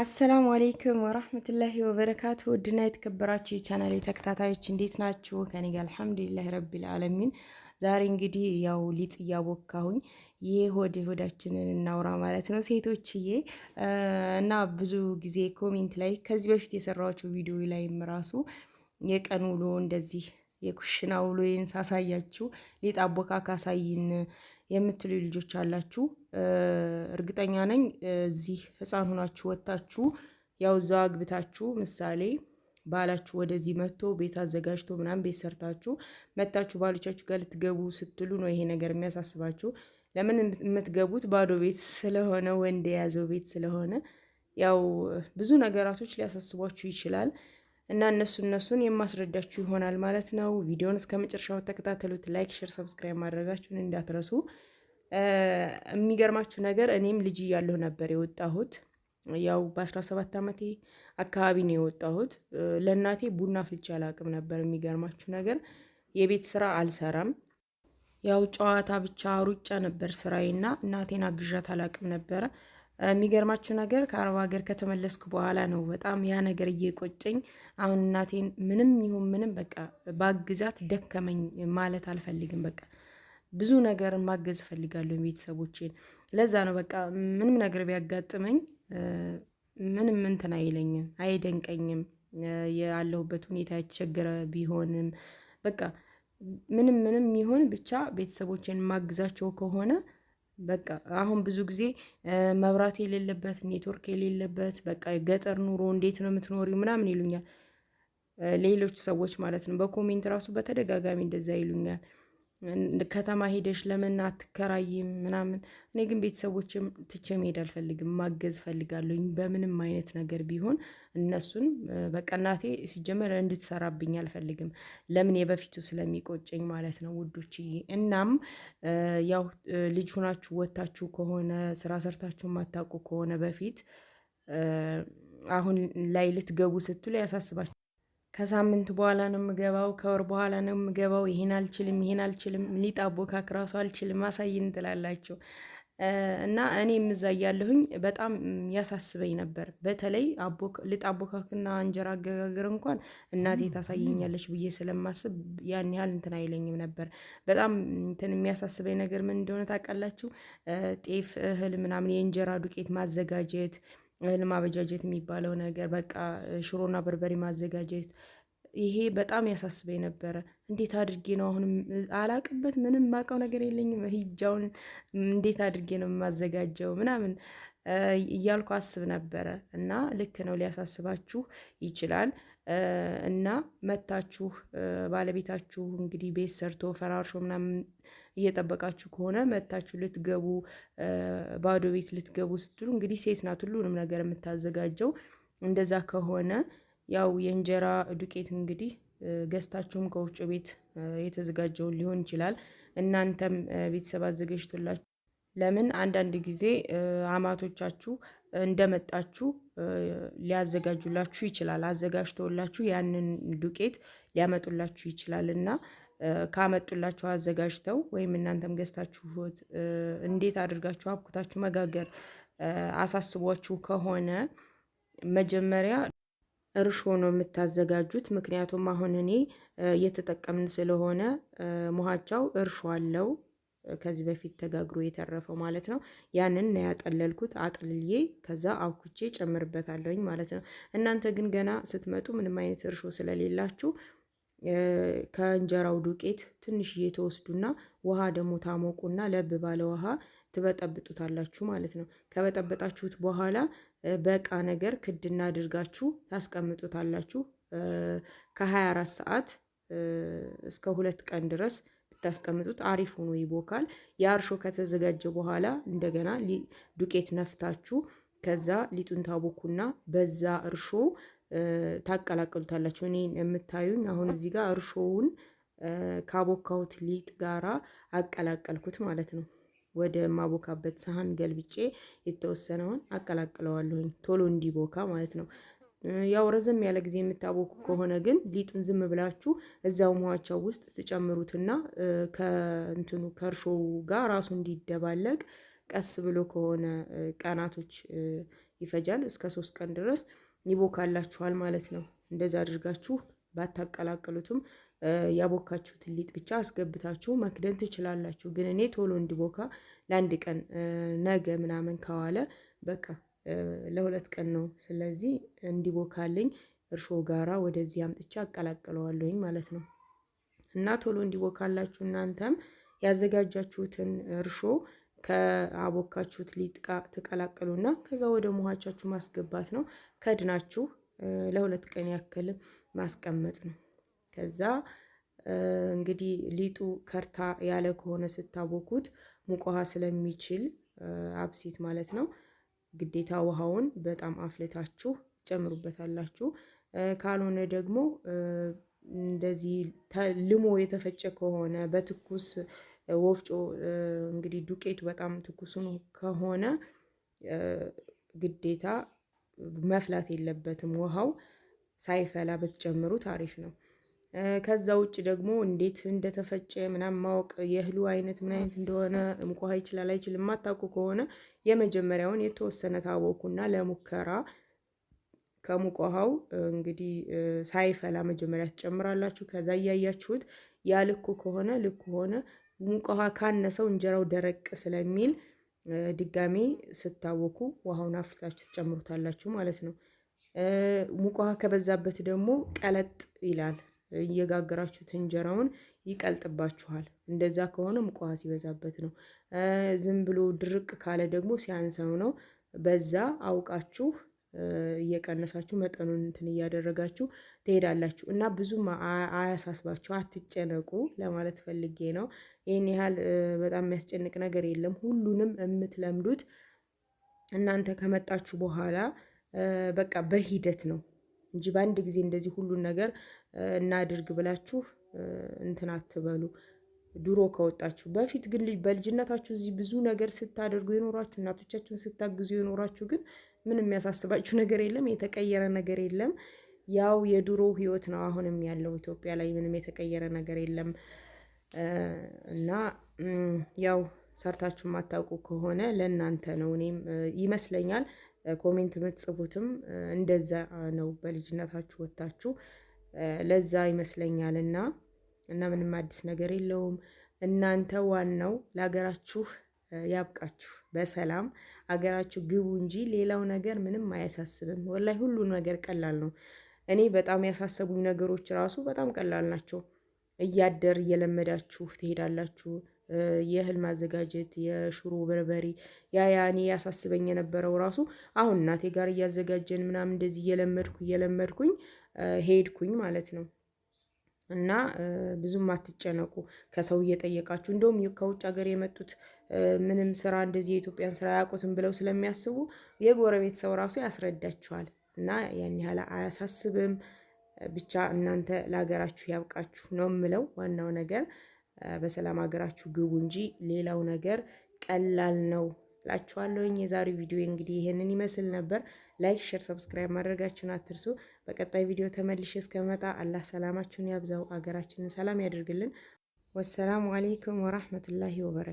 አሰላሙ አሌይኩም ወራህመቱላሂ ወበረካቱ። ውድና የተከበራችሁ የቻናል ተከታታዮች እንዴት ናችሁ? ከኔ ጋር አልሐምዱሊላህ ረቢል አለሚን። ዛሬ እንግዲህ ያው ሊጥ እያቦካሁኝ ይሄ ሆድ ሆዳችንን እናውራ ማለት ነው ሴቶችዬ። እና ብዙ ጊዜ ኮሜንት ላይ ከዚህ በፊት የሰራኋቸው ቪዲዮ ላይም ራሱ የቀን ውሎ እንደዚህ የኩሽና ውሎዬን ሳሳያችሁ ሊጥ አቦካካ ሳይን የምትሉ ልጆች አላችሁ። እርግጠኛ ነኝ እዚህ ህፃን ሁናችሁ ወጥታችሁ ያው እዛው አግብታችሁ ምሳሌ ባላችሁ ወደዚህ መጥቶ ቤት አዘጋጅቶ ምናምን ቤት ሰርታችሁ መታችሁ ባሎቻችሁ ጋር ልትገቡ ስትሉ ነው ይሄ ነገር የሚያሳስባችሁ። ለምን የምትገቡት ባዶ ቤት ስለሆነ ወንድ የያዘው ቤት ስለሆነ ያው ብዙ ነገራቶች ሊያሳስቧችሁ ይችላል። እና እነሱ እነሱን የማስረዳችሁ ይሆናል ማለት ነው። ቪዲዮን እስከ መጨረሻው ተከታተሉት። ላይክ፣ ሼር፣ ሰብስክራይብ ማድረጋችሁን እንዳትረሱ። የሚገርማችሁ ነገር እኔም ልጅ እያለሁ ነበር የወጣሁት። ያው በ17 ዓመቴ አካባቢ ነው የወጣሁት። ለእናቴ ቡና ፍልቼ አላቅም ነበር። የሚገርማችሁ ነገር የቤት ስራ አልሰራም። ያው ጨዋታ ብቻ ሩጫ ነበር ስራዬና እናቴን አግዣት አላቅም ነበረ። የሚገርማችሁ ነገር ከአረብ ሀገር ከተመለስኩ በኋላ ነው በጣም ያ ነገር እየቆጨኝ። አሁን እናቴን ምንም ይሁን ምንም በቃ በአግዛት ደከመኝ ማለት አልፈልግም። በቃ ብዙ ነገር ማገዝ እፈልጋለሁ ቤተሰቦቼን። ለዛ ነው በቃ ምንም ነገር ቢያጋጥመኝ ምንም እንትን አይለኝም፣ አይደንቀኝም። ያለሁበት ሁኔታ የተቸገረ ቢሆንም በቃ ምንም ምንም ይሁን ብቻ ቤተሰቦቼን ማግዛቸው ከሆነ በቃ አሁን ብዙ ጊዜ መብራት የሌለበት ኔትወርክ የሌለበት በቃ ገጠር ኑሮ እንዴት ነው የምትኖሪው ምናምን ይሉኛል ሌሎች ሰዎች ማለት ነው። በኮሜንት ራሱ በተደጋጋሚ እንደዛ ይሉኛል። ከተማ ሄደሽ ለምን አትከራይም ምናምን። እኔ ግን ቤተሰቦችም ትቼ መሄድ አልፈልግም፣ ማገዝ ፈልጋለሁኝ በምንም አይነት ነገር ቢሆን እነሱን በቀናቴ ሲጀመር እንድትሰራብኝ አልፈልግም። ለምን የበፊቱ ስለሚቆጨኝ ማለት ነው ውዶች። እናም ያው ልጅ ሁናችሁ ወታችሁ ከሆነ ስራ ሰርታችሁ የማታውቁ ከሆነ በፊት አሁን ላይ ልትገቡ ስትሉ ያሳስባችሁ ከሳምንት በኋላ ነው የምገባው፣ ከወር በኋላ ነው የምገባው፣ ይህን አልችልም፣ ይሄን አልችልም፣ ሊጥ አቦካክ ራሱ አልችልም፣ አሳይን ትላላቸው እና እኔ እዛ እያለሁኝ በጣም ያሳስበኝ ነበር። በተለይ ልጣቦካክና እንጀራ አገጋገር እንኳን እናቴ ታሳየኛለች ብዬ ስለማስብ ያን ያህል እንትን አይለኝም ነበር። በጣም እንትን የሚያሳስበኝ ነገር ምን እንደሆነ ታውቃላችሁ? ጤፍ እህል ምናምን የእንጀራ ዱቄት ማዘጋጀት እህል ማበጃጀት የሚባለው ነገር በቃ ሽሮና በርበሬ ማዘጋጀት ይሄ በጣም ያሳስበኝ ነበረ። እንዴት አድርጌ ነው አሁንም አላቅበት ምንም ማውቀው ነገር የለኝም። ሂጃውን እንዴት አድርጌ ነው የማዘጋጀው ምናምን እያልኩ አስብ ነበረ። እና ልክ ነው ሊያሳስባችሁ ይችላል። እና መታችሁ ባለቤታችሁ እንግዲህ ቤት ሰርቶ ፈራርሾ ምናምን እየጠበቃችሁ ከሆነ መታችሁ ልትገቡ ባዶ ቤት ልትገቡ ስትሉ እንግዲህ ሴት ናት ሁሉንም ነገር የምታዘጋጀው። እንደዛ ከሆነ ያው የእንጀራ ዱቄት እንግዲህ ገዝታችሁም ከውጭ ቤት የተዘጋጀውን ሊሆን ይችላል። እናንተም ቤተሰብ አዘጋጅቶላችሁ ለምን አንዳንድ ጊዜ አማቶቻችሁ እንደመጣችሁ ሊያዘጋጁላችሁ ይችላል። አዘጋጅተውላችሁ ያንን ዱቄት ሊያመጡላችሁ ይችላል እና ካመጡላችሁ አዘጋጅተው ወይም እናንተም ገዝታችሁት እንዴት አድርጋችሁ አብኩታችሁ መጋገር አሳስቧችሁ ከሆነ መጀመሪያ እርሾ ነው የምታዘጋጁት። ምክንያቱም አሁን እኔ እየተጠቀምን ስለሆነ ሙሃቻው እርሾ አለው ከዚህ በፊት ተጋግሮ የተረፈው ማለት ነው። ያንን ነው ያጠለልኩት። አጥልዬ ከዛ አብኩቼ ጨምርበታለሁኝ ማለት ነው። እናንተ ግን ገና ስትመጡ ምንም አይነት እርሾ ስለሌላችሁ ከእንጀራው ዱቄት ትንሽዬ ተወስዱና ውሃ ደግሞ ታሞቁና ለብ ባለ ውሃ ትበጠብጡታላችሁ ማለት ነው። ከበጠበጣችሁት በኋላ በቃ ነገር ክድና አድርጋችሁ ታስቀምጡታላችሁ። ከ24 ሰዓት እስከ ሁለት ቀን ድረስ ብታስቀምጡት አሪፍ ሆኖ ይቦካል። የአርሾ ከተዘጋጀ በኋላ እንደገና ዱቄት ነፍታችሁ ከዛ ሊጡን ታቦኩና በዛ እርሾ ታቀላቅሉታላችሁ። እኔ የምታዩኝ አሁን እዚህ ጋር እርሾውን ካቦካሁት ሊጥ ጋራ አቀላቀልኩት ማለት ነው። ወደ ማቦካበት ሰሃን ገልብጬ የተወሰነውን አቀላቅለዋለሁኝ ቶሎ እንዲቦካ ማለት ነው። ያው ረዘም ያለ ጊዜ የምታቦኩ ከሆነ ግን ሊጡን ዝም ብላችሁ እዛው ውሃቸው ውስጥ ትጨምሩትና ከእንትኑ ከእርሾው ጋር ራሱ እንዲደባለቅ ቀስ ብሎ ከሆነ ቀናቶች ይፈጃል እስከ ሶስት ቀን ድረስ ይቦካላችኋል ማለት ነው። እንደዛ አድርጋችሁ ባታቀላቀሉትም ያቦካችሁትን ሊጥ ብቻ አስገብታችሁ መክደን ትችላላችሁ። ግን እኔ ቶሎ እንዲቦካ ለአንድ ቀን ነገ ምናምን ከዋለ በቃ ለሁለት ቀን ነው። ስለዚህ እንዲቦካልኝ እርሾ ጋራ ወደዚህ አምጥቼ አቀላቅለዋለሁኝ ማለት ነው። እና ቶሎ እንዲቦካላችሁ እናንተም ያዘጋጃችሁትን እርሾ ከአቦካችሁት ሊጥ እና ከዛ ወደ ሙሃቻችሁ ማስገባት ነው። ከድናችሁ ለሁለት ቀን ያክል ማስቀመጥ ነው። ከዛ እንግዲህ ሊጡ ከርታ ያለ ከሆነ ስታቦኩት ሙቅ ስለሚችል አብሲት ማለት ነው ግዴታ ውሃውን በጣም አፍልታችሁ ትጨምሩበታላችሁ። ካልሆነ ደግሞ እንደዚህ ልሞ የተፈጨ ከሆነ በትኩስ ወፍጮ እንግዲህ ዱቄቱ በጣም ትኩሱን ከሆነ ግዴታ መፍላት የለበትም። ውሃው ሳይፈላ ብትጨምሩ አሪፍ ነው። ከዛ ውጭ ደግሞ እንዴት እንደተፈጨ ምናምን ማወቅ የእህሉ አይነት ምን አይነት እንደሆነ ሙቆሃ ይችላል አይችልም ማታውቁ ከሆነ የመጀመሪያውን የተወሰነ ታቦኩና ለሙከራ ከሙቆሃው እንግዲህ ሳይፈላ መጀመሪያ ትጨምራላችሁ። ከዛ እያያችሁት ያልኩ ከሆነ ልኩ ሆነ ሙቅ ውሃ ካነሰው እንጀራው ደረቅ ስለሚል ድጋሜ ስታወኩ ውሃውን አፍልታችሁ ትጨምሩታላችሁ ማለት ነው። ሙቅ ውሃ ከበዛበት ደግሞ ቀለጥ ይላል። እየጋገራችሁት እንጀራውን ይቀልጥባችኋል። እንደዛ ከሆነ ሙቅ ውሃ ሲበዛበት ነው። ዝም ብሎ ድርቅ ካለ ደግሞ ሲያንሰው ነው። በዛ አውቃችሁ እየቀነሳችሁ መጠኑን እንትን እያደረጋችሁ ትሄዳላችሁ እና ብዙም አያሳስባችሁ፣ አትጨነቁ ለማለት ፈልጌ ነው። ይህን ያህል በጣም የሚያስጨንቅ ነገር የለም። ሁሉንም የምትለምዱት እናንተ ከመጣችሁ በኋላ በቃ በሂደት ነው እንጂ በአንድ ጊዜ እንደዚህ ሁሉን ነገር እናድርግ ብላችሁ እንትን አትበሉ። ድሮ ከወጣችሁ በፊት ግን በልጅነታችሁ እዚህ ብዙ ነገር ስታደርጉ የኖራችሁ እናቶቻችሁን ስታግዙ የኖራችሁ ግን ምንም የሚያሳስባችሁ ነገር የለም። የተቀየረ ነገር የለም። ያው የድሮ ህይወት ነው አሁንም ያለው ኢትዮጵያ ላይ ምንም የተቀየረ ነገር የለም እና ያው ሰርታችሁ የማታውቁ ከሆነ ለእናንተ ነው። እኔም ይመስለኛል ኮሜንት የምትጽፉትም እንደዛ ነው። በልጅነታችሁ ወጥታችሁ ለዛ ይመስለኛል እና እና ምንም አዲስ ነገር የለውም። እናንተ ዋናው ለሀገራችሁ ያብቃችሁ። በሰላም አገራችሁ ግቡ እንጂ ሌላው ነገር ምንም አያሳስብም። ወላይ ሁሉ ነገር ቀላል ነው። እኔ በጣም ያሳሰቡኝ ነገሮች ራሱ በጣም ቀላል ናቸው። እያደር እየለመዳችሁ ትሄዳላችሁ። የእህል ማዘጋጀት፣ የሽሮ በርበሬ ያ ያ እኔ ያሳስበኝ የነበረው ራሱ አሁን እናቴ ጋር እያዘጋጀን ምናምን እንደዚህ እየለመድኩ እየለመድኩኝ ሄድኩኝ ማለት ነው። እና ብዙም አትጨነቁ። ከሰው እየጠየቃችሁ እንደውም ከውጭ ሀገር የመጡት ምንም ስራ እንደዚህ የኢትዮጵያን ስራ አያውቁትም ብለው ስለሚያስቡ የጎረቤት ሰው ራሱ ያስረዳችኋል እና ያን ያህል አያሳስብም። ብቻ እናንተ ለሀገራችሁ ያብቃችሁ ነው የምለው። ዋናው ነገር በሰላም ሀገራችሁ ግቡ እንጂ ሌላው ነገር ቀላል ነው ላችኋለሁኝ። የዛሬው ቪዲዮ እንግዲህ ይሄንን ይመስል ነበር። ላይክ፣ ሼር፣ ሰብስክራይብ ማድረጋችሁን አትርሱ። በቀጣይ ቪዲዮ ተመልሼ እስከመጣ አላህ ሰላማችሁን ያብዛው፣ አገራችንን ሰላም ያደርግልን። ወሰላሙ አሌይኩም ወራህመቱላሂ ወበረካቱ።